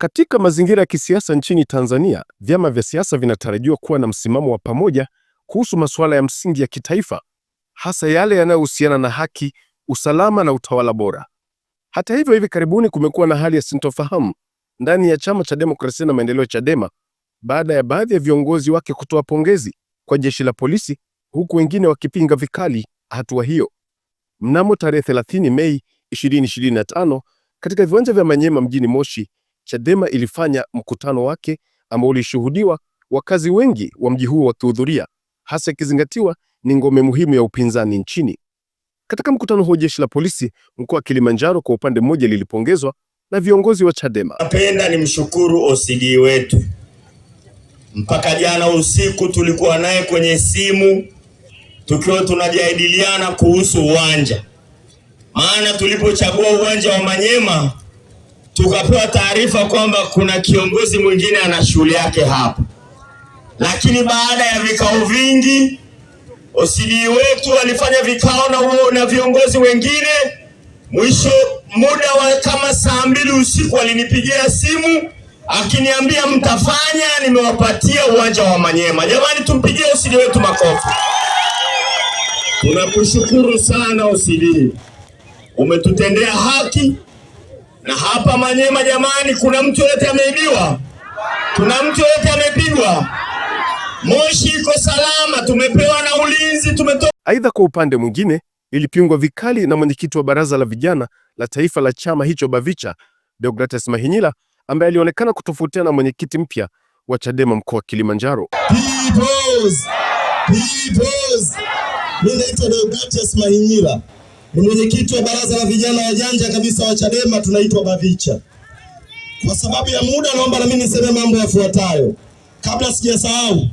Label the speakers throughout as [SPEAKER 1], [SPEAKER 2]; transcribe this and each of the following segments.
[SPEAKER 1] Katika mazingira ya kisiasa nchini Tanzania, vyama vya siasa vinatarajiwa kuwa na msimamo wa pamoja kuhusu masuala ya msingi ya kitaifa, hasa yale yanayohusiana na haki, usalama na utawala bora. Hata hivyo, hivi karibuni kumekuwa na hali ya sintofahamu ndani ya Chama cha Demokrasia na Maendeleo, Chadema, baada ya baadhi ya viongozi wake kutoa pongezi kwa jeshi la polisi, huku wengine wakipinga vikali hatua hiyo. Mnamo tarehe 30 Mei 2025 katika viwanja vya Manyema mjini Moshi Chadema ilifanya mkutano wake ambao ulishuhudiwa wakazi wengi wa mji huo wakihudhuria, hasa ikizingatiwa ni ngome muhimu ya upinzani nchini. Katika mkutano huo, jeshi la polisi mkoa wa Kilimanjaro kwa upande mmoja lilipongezwa na viongozi wa Chadema.
[SPEAKER 2] Napenda nimshukuru OCD wetu, mpaka jana usiku tulikuwa naye kwenye simu tukiwa tunajadiliana kuhusu uwanja, maana tulipochagua uwanja wa Manyema tukapewa taarifa kwamba kuna kiongozi mwingine ana shughuli yake hapa, lakini baada ya vikao vingi OCD wetu walifanya vikao na uo, na viongozi wengine. Mwisho muda wa kama saa mbili usiku alinipigia simu akiniambia mtafanya, nimewapatia uwanja wa Manyema. Jamani, tumpigie OCD wetu makofi. Tunakushukuru sana OCD, umetutendea haki na hapa Manyema jamani, kuna mtu yoyote ameibiwa? Kuna mtu yoyote amepigwa? Moshi iko salama, tumepewa na ulinzi, tumetoka.
[SPEAKER 1] Aidha, kwa upande mwingine ilipingwa vikali na mwenyekiti wa baraza la vijana la taifa la chama hicho Bavicha, Deogrates Mahinyila ambaye alionekana kutofautiana na mwenyekiti mpya wa Chadema mkoa wa Kilimanjaro.
[SPEAKER 2] Peoples, peoples. Mimi naitwa Deogrates Mahinyila ni mwenyekiti wa baraza la vijana wa janja kabisa wa Chadema tunaitwa Bavicha. Kwa sababu ya muda, naomba nami niseme mambo yafuatayo. Kabla sijasahau,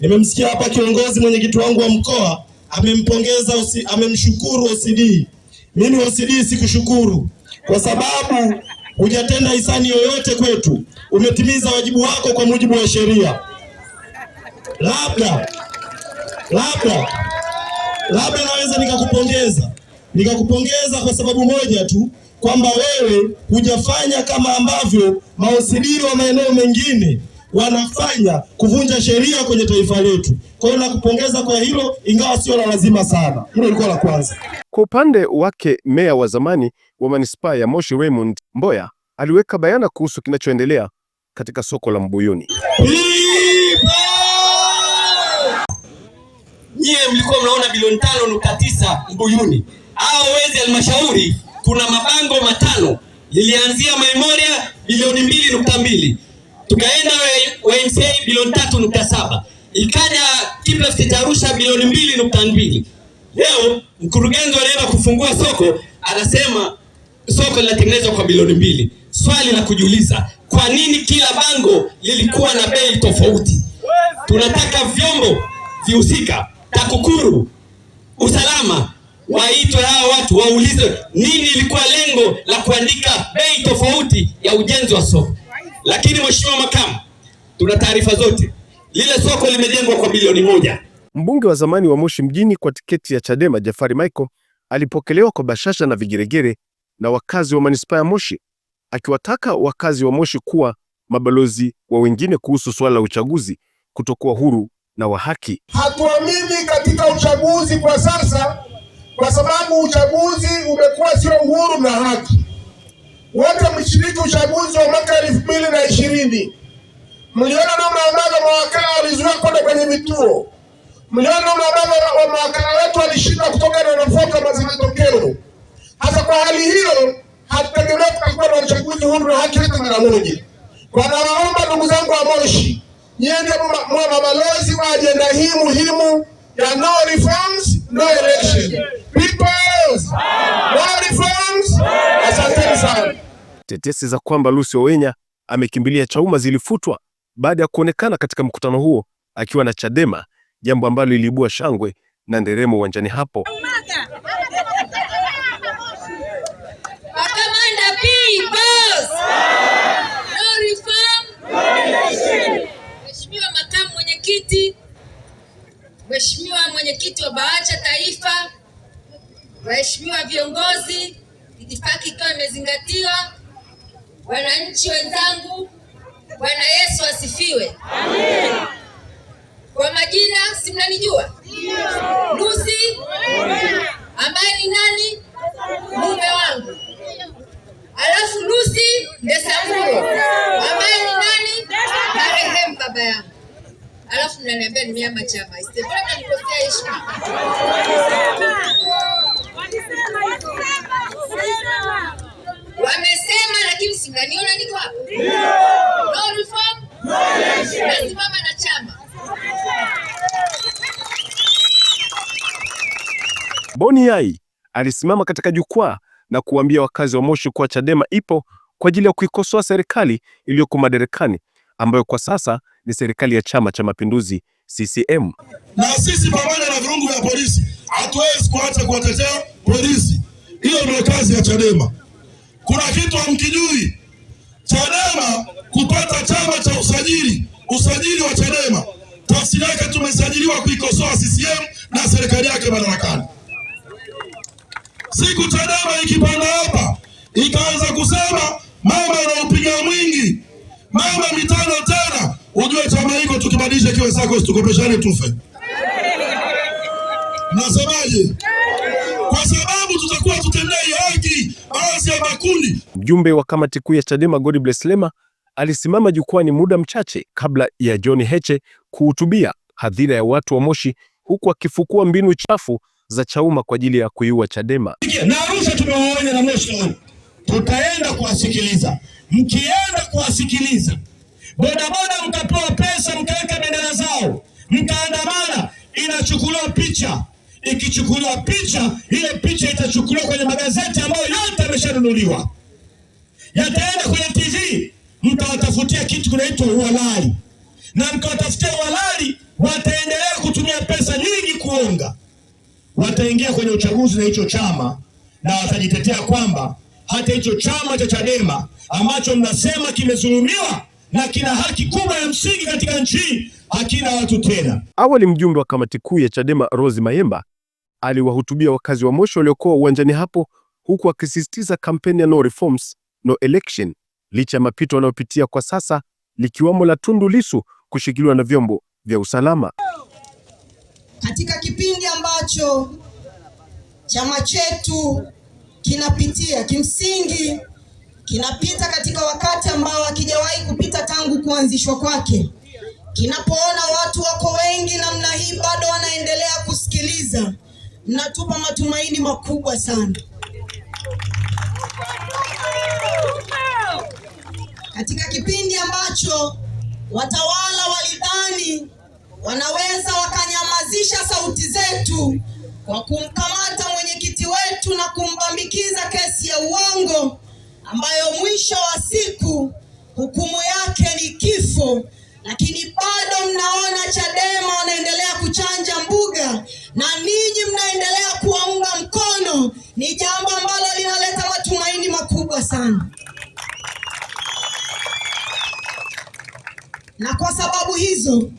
[SPEAKER 2] nimemsikia hapa kiongozi mwenyekiti wangu wa mkoa amempongeza, amemshukuru OCD. Mimi OCD sikushukuru kwa sababu hujatenda hisani yoyote kwetu, umetimiza wajibu wako kwa mujibu wa sheria. Labda labda labda naweza nikakupongeza nikakupongeza kwa sababu moja tu kwamba wewe hujafanya kama ambavyo mausidiri wa maeneo mengine wanafanya kuvunja sheria kwenye taifa letu. Kwa hiyo nakupongeza kwa hilo, ingawa sio la lazima sana. Hilo lilikuwa la kwanza.
[SPEAKER 1] Kwa upande wake, meya wa zamani wa manispaa ya Moshi Raymond Mboya aliweka bayana kuhusu kinachoendelea katika soko la Mbuyuni
[SPEAKER 2] ambaye mlikuwa mnaona bilioni tano nukta tisa Mbuyuni. au wezi halmashauri kuna mabango matano, lilianzia Memoria bilioni mbili nukta mbili tukaenda YMCA bilioni tatu nukta saba ikaja Kiplast cha Arusha bilioni mbili nukta mbili Leo mkurugenzi anaenda kufungua soko anasema soko linatengenezwa kwa bilioni mbili. Swali la kujiuliza, kwa nini kila bango lilikuwa na bei tofauti? Tunataka vyombo vihusika TAKUKURU, usalama, waitwe hawa watu waulize nini ilikuwa lengo la kuandika bei tofauti ya ujenzi wa soko. Lakini mheshimiwa makamu, tuna taarifa zote, lile soko limejengwa kwa bilioni moja.
[SPEAKER 1] Mbunge wa zamani wa Moshi mjini kwa tiketi ya Chadema Jafari Michael alipokelewa kwa bashasha na vigeregere na wakazi wa manispaa ya Moshi, akiwataka wakazi wa Moshi kuwa mabalozi wa wengine kuhusu suala la uchaguzi kutokuwa huru na wa haki.
[SPEAKER 2] Hatuamini katika uchaguzi kwa sasa, kwa sababu uchaguzi umekuwa sio uhuru na haki. Wote mshiriki uchaguzi wa mwaka elfu mbili na ishirini, mliona namna ambavyo mawakala walizuia kwenda kwenye vituo, mliona namna ambavyo mawakala wetu walishinda kutoka na nafota matokeo. Hasa kwa hali hiyo, hatutegemea kutakuwa na uchaguzi huru na haki hata mara moja. Wanawaomba ndugu zangu wa Moshi nyie ndio mwa mabalozi wa ajenda hii muhimu ya no reforms no election. Peoples, no reforms. Asanteni sana.
[SPEAKER 1] Tetesi za kwamba Lucy Owenya amekimbilia Chauma zilifutwa baada ya kuonekana katika mkutano huo akiwa na Chadema, jambo ambalo liliibua shangwe na nderemo uwanjani hapo.
[SPEAKER 3] waheshimiwa viongozi, itifaki ikiwa imezingatiwa, wananchi wenzangu, Bwana Yesu asifiwe. Amen. Kwa majina si mnanijua? Lucy ambaye ni nani? Mume wangu. Alafu Lucy Ndesamulo ambaye ni nani? Marehemu baba yangu. Alafu mnaniambia ni miama chama. Isitokea nikosea heshima.
[SPEAKER 1] John Yai alisimama katika jukwaa na kuwaambia wakazi wa Moshi kuwa Chadema ipo kwa ajili ya kuikosoa serikali iliyoko madarakani ambayo kwa sasa ni serikali ya Chama cha Mapinduzi CCM.
[SPEAKER 2] Na sisi pamoja na virungu vya polisi hatuwezi kuacha kuwatetea polisi. Hiyo ndio kazi ya Chadema. Kuna kitu hamkijui. Chadema kupata chama cha usajili, usajili wa Chadema tafsiri yake tumesajiliwa kuikosoa CCM na serikali yake madarakani siku Chadema ikipanda hapa ikaanza kusema mama anaupiga mwingi, mama mitano tena, ujue chama hiko tukibadilisha kiwe sako, tukopeshane tufe. Nasemaje? Kwa sababu tutakuwa tutendei haki baadhi ya makundi.
[SPEAKER 1] Mjumbe wa kamati kuu ya Chadema Godbless Lema alisimama jukwani muda mchache kabla ya John Heche kuhutubia hadhira ya watu wa Moshi huku akifukua mbinu chafu za Chauma kwa ajili ya kuiua Chadema
[SPEAKER 2] na Arusha. Tumewaonya na moshi tutaenda kuwasikiliza. Mkienda kuwasikiliza bodaboda, mkapewa pesa, mkaweka bendera zao, mkaandamana, inachukuliwa picha. Ikichukuliwa picha, ile picha itachukuliwa kwenye magazeti ambayo yote yameshanunuliwa, yataenda kwenye TV, mkawatafutia kitu kinaitwa uhalali, na mkawatafutia uhalali, wataendelea kutumia pesa nyingi kuonga wataingia kwenye uchaguzi na hicho chama na watajitetea kwamba hata hicho chama cha Chadema ambacho mnasema kimezulumiwa na kina haki kubwa ya msingi katika nchi hakina watu tena.
[SPEAKER 1] Awali mjumbe wa kamati kuu ya Chadema Rose Mayemba aliwahutubia wakazi wa Moshi waliokuwa uwanjani hapo, huku akisisitiza kampeni ya no reforms no election, licha ya mapito wanayopitia kwa sasa, likiwamo la Tundu Lissu kushikiliwa na vyombo vya usalama
[SPEAKER 4] katika kipindi ambacho chama chetu kinapitia, kimsingi kinapita katika wakati ambao hakijawahi kupita tangu kuanzishwa kwake, kinapoona watu wako wengi namna hii bado wanaendelea kusikiliza, mnatupa matumaini makubwa sana. Katika kipindi ambacho watawala walidhani wanaweza wakanyama kupazisha sauti zetu kwa kumkamata mwenyekiti wetu na kumbambikiza kesi ya uongo ambayo mwisho wa siku hukumu yake ni kifo, lakini bado mnaona Chadema wanaendelea kuchanja mbuga na ninyi mnaendelea kuwaunga mkono, ni jambo ambalo linaleta matumaini makubwa sana. Na kwa sababu hizo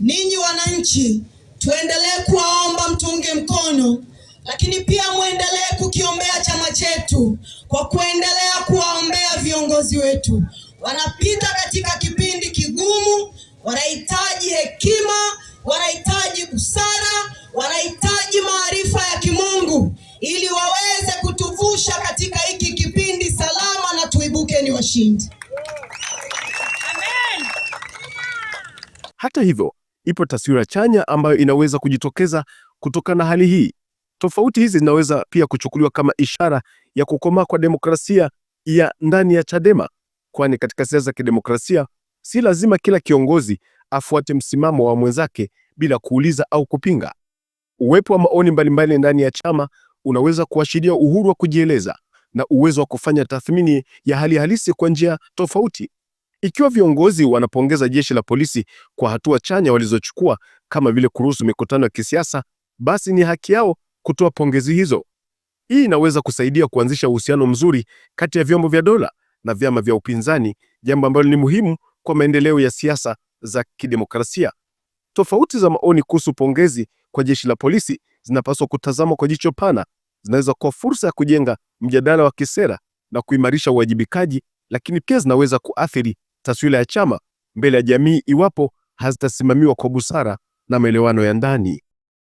[SPEAKER 4] ninyi wananchi Tuendelee kuwaomba mtunge mkono, lakini pia mwendelee kukiombea chama chetu kwa kuendelea kuwaombea viongozi wetu. Wanapita katika kipindi kigumu, wanahitaji hekima, wanahitaji busara, wanahitaji maarifa ya kimungu ili waweze kutuvusha katika hiki kipindi salama na tuibuke ni washindi. Amen.
[SPEAKER 1] Hata hivyo ipo taswira chanya ambayo inaweza kujitokeza kutokana na hali hii. Tofauti hizi zinaweza pia kuchukuliwa kama ishara ya kukomaa kwa demokrasia ya ndani ya Chadema, kwani katika siasa za kidemokrasia si lazima kila kiongozi afuate msimamo wa mwenzake bila kuuliza au kupinga. Uwepo wa maoni mbalimbali ndani ya chama unaweza kuashiria uhuru wa kujieleza na uwezo wa kufanya tathmini ya hali halisi kwa njia tofauti. Ikiwa viongozi wanapongeza jeshi la polisi kwa hatua chanya walizochukua kama vile kuruhusu mikutano ya kisiasa, basi ni haki yao kutoa pongezi hizo. Hii inaweza kusaidia kuanzisha uhusiano mzuri kati ya vyombo vya dola na vyama vya upinzani, jambo ambalo ni muhimu kwa maendeleo ya siasa za kidemokrasia. Tofauti za maoni kuhusu pongezi kwa jeshi la polisi zinapaswa kutazamwa kwa jicho pana. Zinaweza kuwa fursa ya kujenga mjadala wa kisera na kuimarisha uwajibikaji, lakini pia zinaweza kuathiri taswira ya chama mbele ya jamii iwapo hazitasimamiwa kwa busara na maelewano ya ndani.